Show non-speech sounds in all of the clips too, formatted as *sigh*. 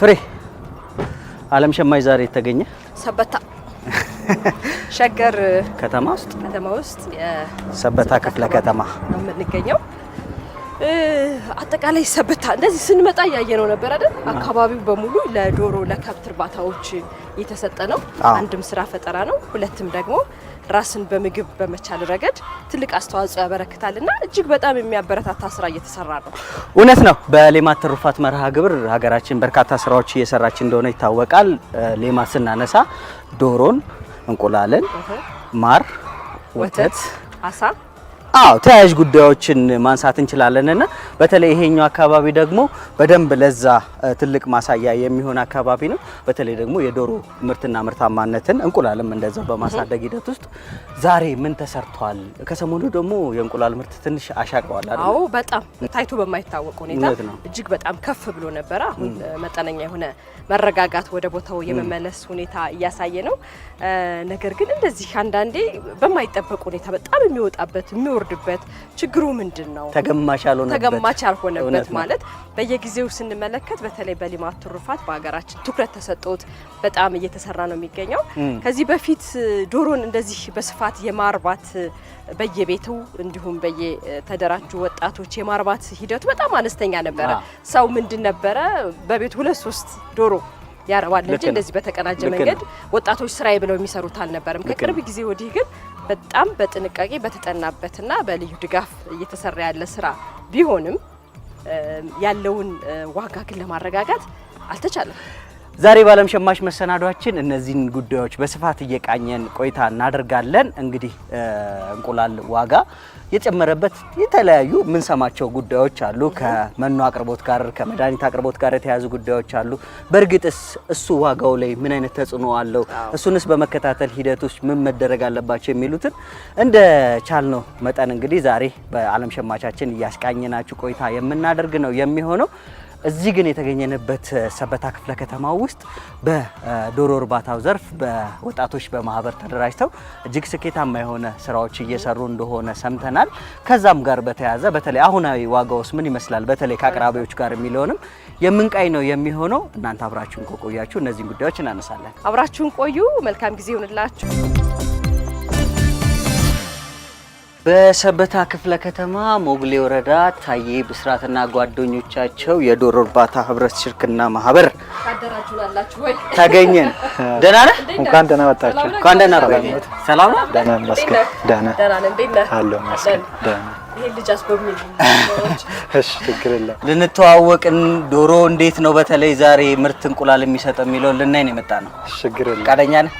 ፍሬ አለም ሸማች ዛሬ የተገኘ ሰበታ *laughs* ሸገር ከተማ ውስጥ ከተማ ውስጥ ሰበታ ክፍለ ከተማ ነው የምንገኘው። አጠቃላይ ሰበታ እንደዚህ ስንመጣ እያየነው ነበር አይደል? አካባቢው በሙሉ ለዶሮ ለከብት እርባታዎች የተሰጠ ነው። አንድም ስራ ፈጠራ ነው፣ ሁለትም ደግሞ ራስን በምግብ በመቻል ረገድ ትልቅ አስተዋጽኦ ያበረክታልና እጅግ በጣም የሚያበረታታ ስራ እየተሰራ ነው። እውነት ነው። በሌማት ትሩፋት መርሃ ግብር ሀገራችን በርካታ ስራዎች እየሰራች እንደሆነ ይታወቃል። ሌማት ስናነሳ ዶሮን፣ እንቁላልን፣ ማር፣ ወተት፣ አሳ አዎ ተያያዥ ጉዳዮችን ማንሳት እንችላለን እና በተለይ ይሄኛው አካባቢ ደግሞ በደንብ ለዛ ትልቅ ማሳያ የሚሆን አካባቢ ነው። በተለይ ደግሞ የዶሮ ምርትና ምርታማነትን እንቁላልም እንደዛው በማሳደግ ሂደት ውስጥ ዛሬ ምን ተሰርቷል? ከሰሞኑ ደግሞ የእንቁላል ምርት ትንሽ አሻቀዋል። አዎ በጣም ታይቶ በማይታወቅ ሁኔታ እጅግ በጣም ከፍ ብሎ ነበረ። አሁን መጠነኛ የሆነ መረጋጋት ወደ ቦታው የመመለስ ሁኔታ እያሳየ ነው። ነገር ግን እንደዚህ አንዳንዴ በማይጠበቅ ሁኔታ በጣም የሚወጣበት የሚወ የሚወርድበት ችግሩ ምንድን ነው? ተገማች ያልሆነበት ተገማች ያልሆነበት ማለት በየጊዜው ስንመለከት በተለይ በሊማት ትሩፋት በሀገራችን ትኩረት ተሰጥቶት በጣም እየተሰራ ነው የሚገኘው። ከዚህ በፊት ዶሮን እንደዚህ በስፋት የማርባት በየቤቱ እንዲሁም በየተደራጁ ወጣቶች የማርባት ሂደቱ በጣም አነስተኛ ነበረ። ሰው ምንድን ነበረ በቤቱ ሁለት ሶስት ዶሮ ያረባል እንጂ እንደዚህ በተቀናጀ መንገድ ወጣቶች ስራዬ ብለው የሚሰሩት አልነበርም። ከቅርብ ጊዜ ወዲህ ግን በጣም በጥንቃቄ በተጠናበትና በልዩ ድጋፍ እየተሰራ ያለ ስራ ቢሆንም ያለውን ዋጋ ግን ለማረጋጋት አልተቻለም። ዛሬ በዓለም ሸማች መሰናዷችን እነዚህን ጉዳዮች በስፋት እየቃኘን ቆይታ እናደርጋለን። እንግዲህ እንቁላል ዋጋ የጨመረበት የተለያዩ የምንሰማቸው ጉዳዮች አሉ። ከመኖ አቅርቦት ጋር ከመድኃኒት አቅርቦት ጋር የተያያዙ ጉዳዮች አሉ። በእርግጥስ እሱ ዋጋው ላይ ምን አይነት ተጽዕኖ አለው? እሱንስ በመከታተል ሂደቶች ምን መደረግ አለባቸው? የሚሉትን እንደ ቻልነው መጠን እንግዲህ ዛሬ በዓለም ሸማቻችን እያስቃኘናችሁ ቆይታ የምናደርግ ነው የሚሆነው። እዚህ ግን የተገኘንበት ሰበታ ክፍለ ከተማ ውስጥ በዶሮ እርባታው ዘርፍ በወጣቶች በማህበር ተደራጅተው እጅግ ስኬታማ የሆነ ስራዎች እየሰሩ እንደሆነ ሰምተናል። ከዛም ጋር በተያያዘ በተለይ አሁናዊ ዋጋውስ ምን ይመስላል፣ በተለይ ከአቅራቢዎች ጋር የሚለውንም የምንቃኝ ነው የሚሆነው። እናንተ አብራችሁን ከቆያችሁ እነዚህን ጉዳዮች እናነሳለን። አብራችሁን ቆዩ። መልካም ጊዜ ይሆንላችሁ። በሰበታ ክፍለ ከተማ ሞግሌ ወረዳ ታዬ ብስራትና ጓደኞቻቸው የዶሮ እርባታ ህብረት ሽርክና ማህበር ተገኘን። ደህና ነህ? እንኳን ደህና ወጣችሁ። እንኳን ደህና ሰላም ነው። ደህና መስገን ደህና አለሁ መስገን ደህና *laughs* ልንተዋወቅን ዶሮ እንዴት ነው በተለይ ዛሬ ምርት እንቁላል የሚሰጠው የሚለውን ልናይ ነው የመጣ ነው። ፈቃደኛ ነህ?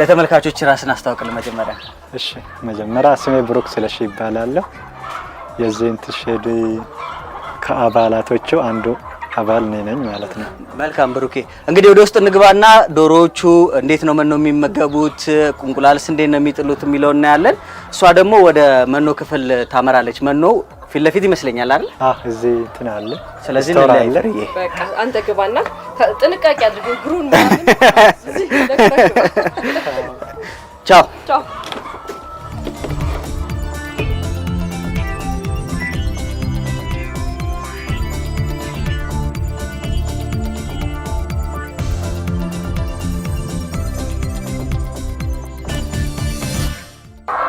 ለተመልካቾች ራስን መጀመሪያ። እሺ፣ መጀመሪያ ስሜ ብሩክ ስለሺ ይባላለሁ። የዚህ ከአባላቶቹ አንዱ አባል ነኝ ነኝ ማለት ነው። መልካም ብሩኬ፣ እንግዲህ ወደ ውስጥ እንግባና ዶሮዎቹ እንዴት ነው መኖ የሚመገቡት፣ ቁንቁላልስ እንዴት ነው የሚጥሉት የሚለውን እናያለን። እሷ ደግሞ ወደ መኖ ክፍል ታመራለች። መኖ ፊት ለፊት ይመስለኛል አይደል? አህ እዚህ እንትን አለ። ስለዚህ ነው ያለ። ይሄ። በቃ አንተ ግባና ጥንቃቄ አድርገው። ብሩን *laughs* ቻው ቻው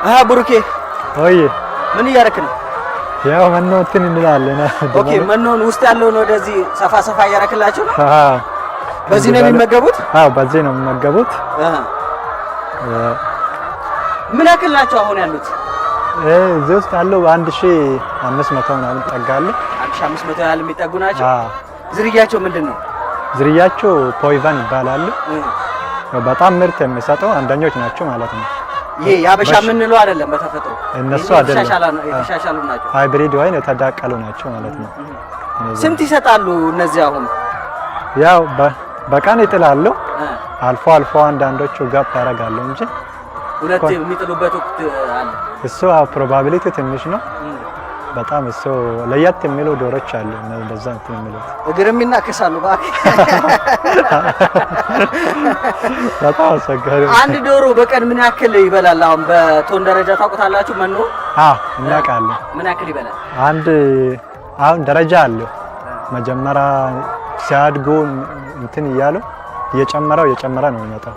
አሃ ብሩኬ ወይ ምን እያደረክ ነው? ያው መኖ እንትን እንላለን። ኦኬ መኖን ውስጥ ያለውን ወደዚህ ሰፋ ሰፋ እያደረክላችሁ ነው? አሃ በዚህ ነው የሚመገቡት? አዎ በዚህ ነው የሚመገቡት። ምን ያክል ናቸው አሁን ያሉት? እዚህ ውስጥ ያለው አንድ ሺህ አምስት መቶ ምናምን ይጠጋሉ። አንድ ሺህ አምስት መቶ ያህል የሚጠጉ ናቸው። ዝርያቸው ምንድን ነው? ዝርያቸው ፖይቫን ይባላሉ። በጣም ምርት የሚሰጠው አንደኞች ናቸው ማለት ነው። ይሄ ያበሻ የምንለው አይደለም። በተፈጥሮ እነሱ አይደለም የተሻሻሉ ናቸው። ሃይብሪድ ወይን የተዳቀሉ ናቸው ማለት ነው። ስንት ይሰጣሉ እነዚህ? አሁን ያው በቀን ይጥላሉ። አልፎ አልፎ አንዳንዶቹ ጋፕ ያደርጋሉ እንጂ ሁለት የሚጥሉበት ወቅት አለ። እሱ ፕሮባቢሊቲ ትንሽ ነው። በጣም እሱ ለየት የሚሉ ዶሮች አሉ። እንደዛ እንትን የሚሉት እግርም ይናከሳሉ። በጣም አስቸጋሪ። አንድ ዶሮ በቀን ምን ያክል ይበላል? አሁን በቶን ደረጃ ታውቁታላችሁ? መኖ እናውቃለን። ምን ያክል ይበላል? አንድ አሁን ደረጃ አለ። መጀመሪያ ሲያድጉ እንትን እያሉ እየጨመረው እየጨመረ ነው የሚመጣው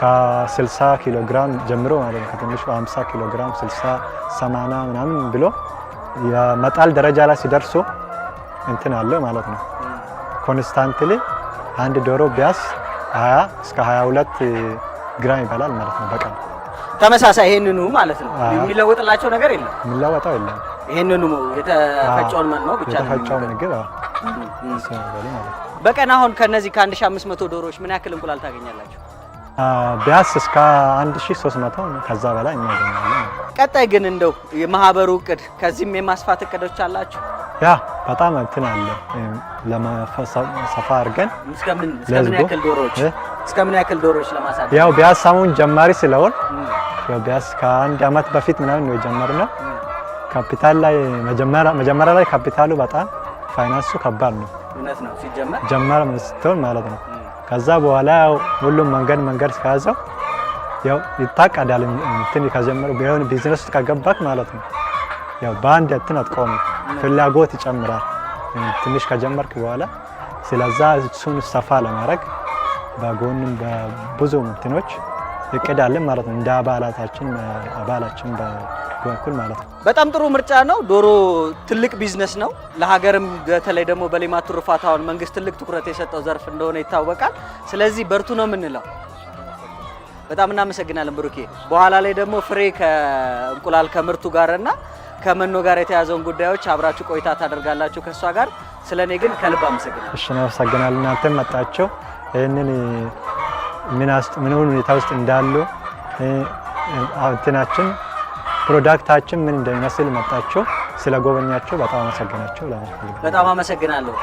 ከ60 ኪሎ ግራም ጀምሮ ማለት ነው። ከትንሹ 50 ኪሎ ግራም 60 80 ምናምን ብሎ የመጣል ደረጃ ላይ ሲደርሱ እንትን አለ ማለት ነው። ኮንስታንትሊ አንድ ዶሮ ቢያስ 20 እስከ 22 ግራም ይበላል ማለት ነው በቀን ተመሳሳይ ይሄንኑ ማለት ነው። የሚለወጥላቸው ነገር የለም፣ የሚለወጣው የለም። ይሄንኑ የተፈጨውን መኖ ነው ብቻ የተፈጨውን ምግብ በቀን አሁን ከነዚህ ከ1500 ዶሮዎች ምን ያክል እንቁላል ታገኛላችሁ? ቢያንስ እስከ 1300 ከዛ በላይ እናገኛለን። ቀጣይ ግን እንደው የማህበሩ እቅድ ከዚህም የማስፋት እቅዶች አላችሁ? ያ በጣም እንትን አለ ለሰፋ አድርገን እስከምን ያክል ዶሮዎች ለማሳደግ ያው ቢያንስ አሁን ጀማሪ ስለሆን ያው ቢያንስ ከአንድ አመት በፊት ምናምን ነው የጀመርነው። ካፒታል ላይ መጀመሪያ ላይ ካፒታሉ በጣም ፋይናንሱ ከባድ ነው ነው ሲጀመር ጀመር ስትሆን ማለት ነው። ከዛ በኋላ ያው ሁሉም መንገድ መንገድ እስከያዘው ያው ይታቀዳል እንትን ከጀመረ ቢሆን ቢዝነስ ውስጥ ከገባክ ማለት ነው። ያው በአንድ እንትን አትቆም፣ ፍላጎት ይጨምራል ትንሽ ከጀመርክ በኋላ። ስለዛ እሱን ሰፋ ለማድረግ በጎንም በብዙ እንትኖች እቅዳለን ማለት ነው። እንደ አባላታችን አባላችን በኩል ማለት ነው። በጣም ጥሩ ምርጫ ነው። ዶሮ ትልቅ ቢዝነስ ነው ለሀገርም፣ በተለይ ደግሞ በሌማት ትሩፋት አሁን መንግስት ትልቅ ትኩረት የሰጠው ዘርፍ እንደሆነ ይታወቃል። ስለዚህ በርቱ ነው የምንለው። በጣም እናመሰግናለን ብሩኬ። በኋላ ላይ ደግሞ ፍሬ ከእንቁላል ከምርቱ ጋርና ከመኖ ጋር የተያዘውን ጉዳዮች አብራችሁ ቆይታ ታደርጋላችሁ ከእሷ ጋር። ስለ እኔ ግን ከልብ አመሰግናለሁ። እሺ፣ እናመሰግናለን። እናንተም መጣቸው ይህንን ምን ሁኔታ ውስጥ እንዳሉ እንትናችን ፕሮዳክታችን ምን እንደሚመስል መጣቸው ስለጎበኛቸው በጣም አመሰግናቸው በጣም አመሰግናለሁ።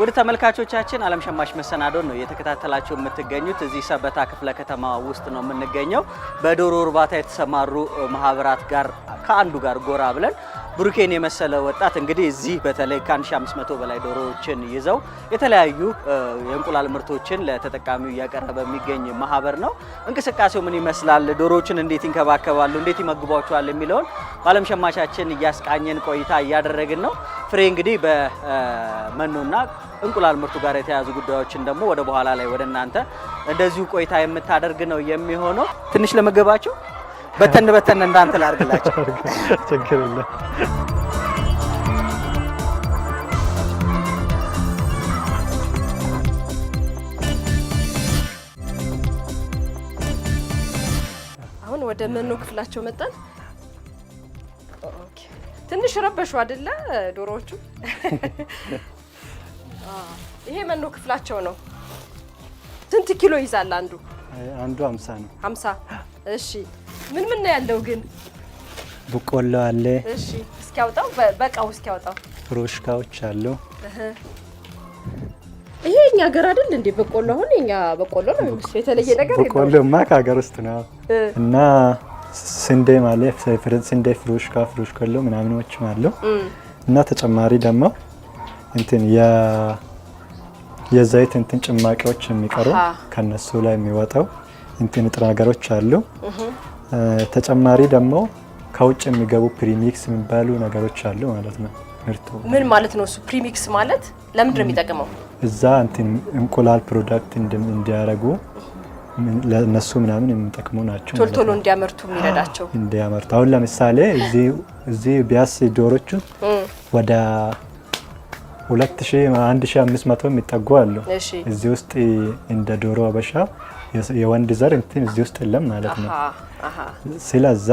ውድ ተመልካቾቻችን ዓለም ሸማች መሰናዶ ነው እየተከታተላቸው የምትገኙት። እዚህ ሰበታ ክፍለ ከተማ ውስጥ ነው የምንገኘው። በዶሮ እርባታ የተሰማሩ ማህበራት ጋር ከአንዱ ጋር ጎራ ብለን ብሩኬን የመሰለ ወጣት እንግዲህ እዚህ በተለይ ከ1500 በላይ ዶሮዎችን ይዘው የተለያዩ የእንቁላል ምርቶችን ለተጠቃሚው እያቀረበ የሚገኝ ማህበር ነው። እንቅስቃሴው ምን ይመስላል፣ ዶሮዎችን እንዴት ይንከባከባሉ፣ እንዴት ይመግቧቸዋል የሚለውን በዓለም ሸማቻችን እያስቃኘን ቆይታ እያደረግን ነው። ፍሬ እንግዲህ በመኖና እንቁላል ምርቱ ጋር የተያያዙ ጉዳዮችን ደግሞ ወደ በኋላ ላይ ወደ እናንተ እንደዚሁ ቆይታ የምታደርግ ነው የሚሆነው። ትንሽ ለመገባቸው በተን በተን እንዳንተ ላድርግላቸው። ችግር የለም። አሁን ወደ መኖ ክፍላቸው መጣን። ትንሽ ረበሹ አይደለ? ዶሮዎቹ። ይሄ መኖ ክፍላቸው ነው። ስንት ኪሎ ይዛል አንዱ? አንዱ 50 ነው። 50 እሺ ምን ምን ነው ያለው ግን? ቡቆሎ አለ። እሺ፣ እስኪያወጣው በቃው እስኪያወጣው ሮሽካዎች አሉ። ይሄ እኛ ሀገር አይደል እንዴ በቆሎ? አሁን እኛ በቆሎ ነው የተለየ ነገር በቆሎ በቆሎማ ከሀገር ውስጥ ነው እና ስንዴ ማለ ፍረንስ ስንዴ፣ ፍሩሽካ፣ ፍሩሽኮሎ ምናምኖችም አሉ እና ተጨማሪ ደግሞ እንትን የዘይት እንትን ጭማቂዎች የሚቀሩ ከነሱ ላይ የሚወጣው እንትን ንጥረ ነገሮች አሉ። ተጨማሪ ደግሞ ከውጭ የሚገቡ ፕሪሚክስ የሚባሉ ነገሮች አሉ ማለት ነው። ምርቱ ምን ማለት ነው? እሱ ፕሪሚክስ ማለት ለምንድን ነው የሚጠቅመው? እዛ እንትን እንቁላል ፕሮዳክት እንዲያደርጉ ለእነሱ ምናምን የሚጠቅሙ ናቸው። ቶሎ ቶሎ እንዲያመርቱ የሚረዳቸው እንዲያመርቱ። አሁን ለምሳሌ እዚህ ቢያስ ዶሮቹ ወደ ሁለት ሺህ አንድ የሚጠጉ አሉ። እዚህ ውስጥ እንደ ዶሮ አበሻ የወንድ ዘር እንትን እዚህ ውስጥ የለም ማለት ነው። ስለዛ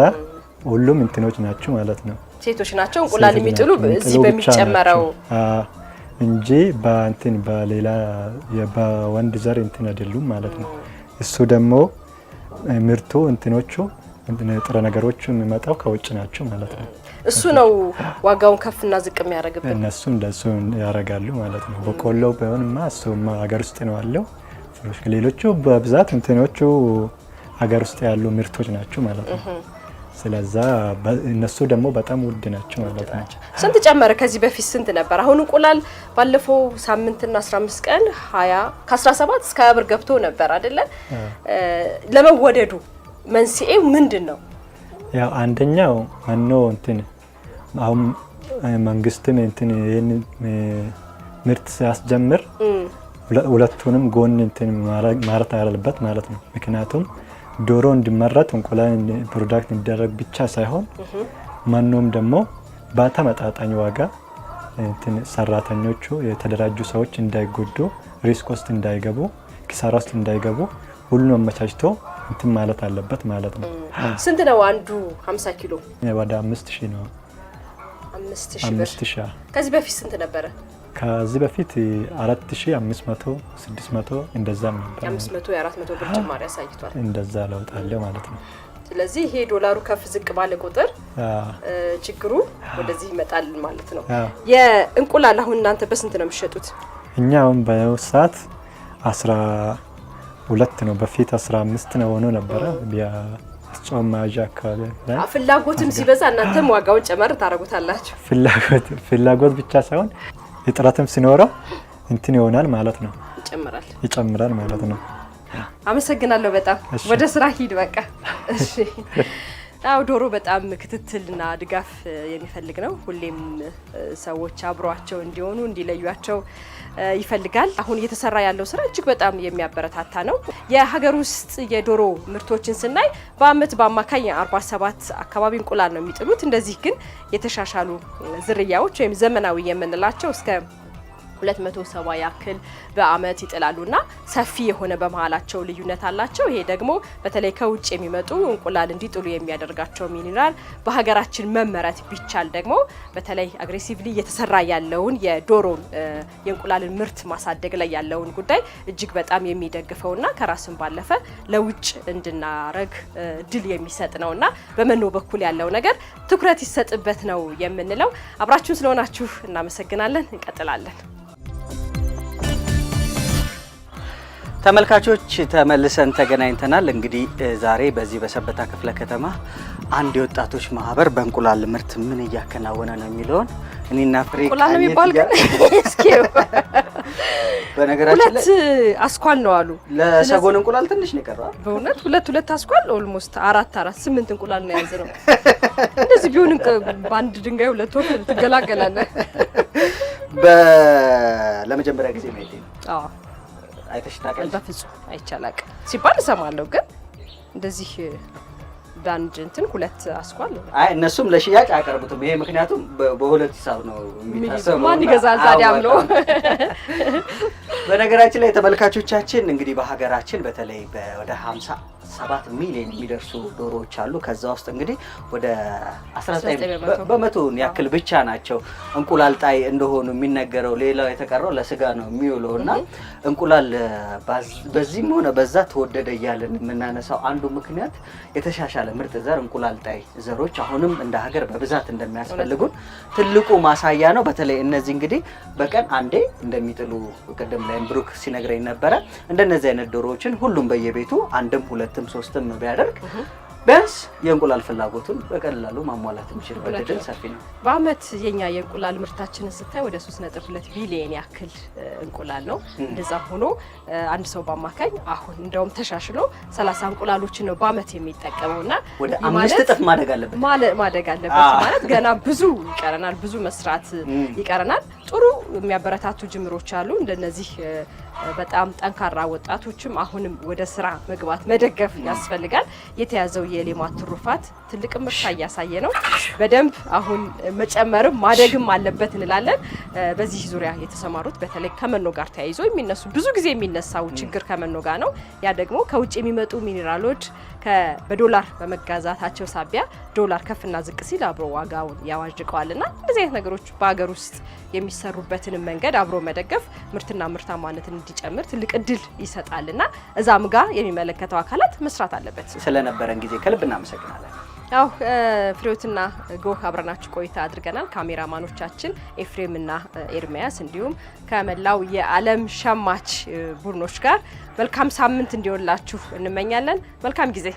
ሁሉም እንትኖች ናቸው ማለት ነው። ሴቶች ናቸው እንቁላል የሚጥሉ እዚህ በሚጨመረው እንጂ በእንትን በሌላ በወንድ ዘር እንትን አይደሉም ማለት ነው። እሱ ደግሞ ምርቱ እንትኖቹ ንጥረ ነገሮች የሚመጣው ከውጭ ናቸው ማለት ነው። እሱ ነው ዋጋውን ከፍና ዝቅ የሚያደርግብን። እነሱ እንደሱ ያደርጋሉ ማለት ነው። በቆሎው ቢሆንማ እሱ ሀገር ውስጥ ነው አለው። ሌሎቹ በብዛት እንትኖቹ ሀገር ውስጥ ያሉ ምርቶች ናቸው ማለት ነው። ስለዛ እነሱ ደግሞ በጣም ውድ ናቸው ማለት ናቸው። ስንት ጨመረ? ከዚህ በፊት ስንት ነበር? አሁን እንቁላል ባለፈው ሳምንትና 15 ቀን 20 ከ17 እስከ ብር ገብቶ ነበር አይደለ? ለመወደዱ መንስኤው ምንድን ነው? ያው አንደኛው መኖ እንትን አሁን መንግስትም እንትን ይህን ምርት ሲያስጀምር ሁለቱንም ጎን እንትን ማረት አለበት ማለት ነው። ምክንያቱም ዶሮ እንዲመረት እንቁላል ፕሮዳክት እንዲደረግ ብቻ ሳይሆን መኖም ደግሞ በተመጣጣኝ ዋጋ ሰራተኞቹ የተደራጁ ሰዎች እንዳይጎዱ፣ ሪስክ ውስጥ እንዳይገቡ፣ ኪሳራ ውስጥ እንዳይገቡ ሁሉን አመቻችቶ እንትን ማለት አለበት ማለት ነው። ስንት ነው አንዱ 50 ኪሎ? ወደ 5000 ነው። 5000 ከዚህ በፊት ስንት ነበረ? ከዚህ በፊት 4500 600 እንደዛም ነበር። 500 የ400 ብር ጭማሪ አሳይቷል። እንደዛ ለውጥ አለ ማለት ነው። ስለዚህ ይሄ ዶላሩ ከፍ ዝቅ ባለ ቁጥር ችግሩ ወደዚህ ይመጣል ማለት ነው። የእንቁላል አሁን እናንተ በስንት ነው የሚሸጡት? እኛ አሁን በሰዓት 10 ሁለት ነው። በፊት 15 ነው ሆኖ ነበረ። ጾም መያዣ አካባቢ ፍላጎትም ሲበዛ እናንተም ዋጋውን ጨመር ታደርጉታላችሁ። ፍላጎት ብቻ ሳይሆን እጥረትም ሲኖረው እንትን ይሆናል ማለት ነው፣ ይጨምራል ይጨምራል ማለት ነው። አመሰግናለሁ በጣም ወደ ስራ ሂድ በቃ እሺ። *laughs* አዎ ዶሮ በጣም ክትትልና ድጋፍ የሚፈልግ ነው። ሁሌም ሰዎች አብሯቸው እንዲሆኑ እንዲለዩቸው ይፈልጋል። አሁን እየተሰራ ያለው ስራ እጅግ በጣም የሚያበረታታ ነው። የሀገር ውስጥ የዶሮ ምርቶችን ስናይ በአመት በአማካኝ 47 አካባቢ እንቁላል ነው የሚጥሉት። እንደዚህ ግን የተሻሻሉ ዝርያዎች ወይም ዘመናዊ የምንላቸው እስከ 270 ያክል በአመት ይጥላሉና ሰፊ የሆነ በመሀላቸው ልዩነት አላቸው። ይሄ ደግሞ በተለይ ከውጭ የሚመጡ እንቁላል እንዲጥሉ የሚያደርጋቸው ሚኒራል በሀገራችን መመረት ቢቻል ደግሞ በተለይ አግሬሲቭሊ እየተሰራ ያለውን የዶሮን የእንቁላልን ምርት ማሳደግ ላይ ያለውን ጉዳይ እጅግ በጣም የሚደግፈውና ከራስን ባለፈ ለውጭ እንድናረግ ድል የሚሰጥ ነውና በመኖ በኩል ያለው ነገር ትኩረት ይሰጥበት ነው የምንለው። አብራችሁን ስለሆናችሁ እናመሰግናለን። እንቀጥላለን። ተመልካቾች ተመልሰን ተገናኝተናል። እንግዲህ ዛሬ በዚህ በሰበታ ክፍለ ከተማ አንድ የወጣቶች ማህበር በእንቁላል ምርት ምን እያከናወነ ነው የሚለውን እኔና ፍሬ እንቁላል የሚባል ግን *laughs* በነገራችን ሁለት አስኳል ነው አሉ። ለሰጎን እንቁላል ትንሽ ነው የቀረው። በእውነት ሁለት ሁለት አስኳል ኦልሞስት አራት አራት ስምንት እንቁላል ነው ነው። እንደዚህ ቢሆን በአንድ ድንጋይ ሁለት ወፍ ትገላገላለህ። ለመጀመሪያ ጊዜ ማየት ነው አይተሽ ታውቂያለሽ? በፍጹም አይቼ አላውቅም ሲባል እሰማለሁ፣ ግን እንደዚህ በአንድ እንትን ሁለት አስኳል። አይ እነሱም ለሽያጭ አያቀርቡትም። ይሄ ምክንያቱም በሁለት ሂሳብ ነው የሚታሰበው። ማን ይገዛል ታዲያ ብሎ። በነገራችን ላይ ተመልካቾቻችን እንግዲህ በሀገራችን በተለይ ወደ ሀምሳ ሰባት ሚሊዮን የሚደርሱ ዶሮዎች አሉ። ከዛ ውስጥ እንግዲህ ወደ 19 በመቶ ያክል ብቻ ናቸው እንቁላል ጣይ እንደሆኑ የሚነገረው። ሌላው የተቀረው ለስጋ ነው የሚውለው እና እንቁላል በዚህም ሆነ በዛ ተወደደ እያለን የምናነሳው አንዱ ምክንያት የተሻሻለ ምርጥ ዘር እንቁላል ጣይ ዘሮች አሁንም እንደ ሀገር በብዛት እንደሚያስፈልጉን ትልቁ ማሳያ ነው። በተለይ እነዚህ እንግዲህ በቀን አንዴ እንደሚጥሉ ቅድም ላይ ብሩክ ሲነግረኝ ነበረ። እንደነዚህ አይነት ዶሮዎችን ሁሉም በየቤቱ አንድም ሁለትም ሁለትም ሶስትም ቢያደርግ ቢያንስ የእንቁላል ፍላጎቱን በቀላሉ ማሟላት የሚችልበት እድል ሰፊ ነው። በአመት የኛ የእንቁላል ምርታችንን ስታይ ወደ 3.2 ቢሊየን ያክል እንቁላል ነው። እንደዛ ሆኖ አንድ ሰው በአማካኝ አሁን እንደውም ተሻሽሎ 30 እንቁላሎችን ነው በአመት የሚጠቀመው እና ወደ አምስት እጥፍ ማደግ አለበት ማደግ አለበት ማለት ገና ብዙ ይቀረናል፣ ብዙ መስራት ይቀረናል። ጥሩ የሚያበረታቱ ጅምሮች አሉ እንደነዚህ በጣም ጠንካራ ወጣቶችም አሁንም ወደ ስራ መግባት መደገፍ ያስፈልጋል የተያዘው የሌማት ትሩፋት ትልቅ ምርታ እያሳየ ነው። በደንብ አሁን መጨመርም ማደግም አለበት እንላለን። በዚህ ዙሪያ የተሰማሩት በተለይ ከመኖ ጋር ተያይዞ የሚነሱ ብዙ ጊዜ የሚነሳው ችግር ከመኖ ጋር ነው። ያ ደግሞ ከውጭ የሚመጡ ሚኔራሎች በዶላር በመጋዛታቸው ሳቢያ ዶላር ከፍና ዝቅ ሲል አብሮ ዋጋውን ያዋዥቀዋልና እንደዚህ አይነት ነገሮች በሀገር ውስጥ የሚሰሩበትን መንገድ አብሮ መደገፍ ምርትና ምርታማነትን እንዲጨምር ትልቅ እድል ይሰጣልና እዛም ጋር የሚመለከተው አካላት መስራት አለበት። ስለነበረን ጊዜ ከልብ እናመሰግናለን። ያው ፍሬዎትና ጎህ አብረናችሁ ቆይታ አድርገናል። ካሜራማኖቻችን ኤፍሬምና ኤርሚያስ እንዲሁም ከመላው የዓለም ሸማች ቡድኖች ጋር መልካም ሳምንት እንዲሆንላችሁ እንመኛለን። መልካም ጊዜ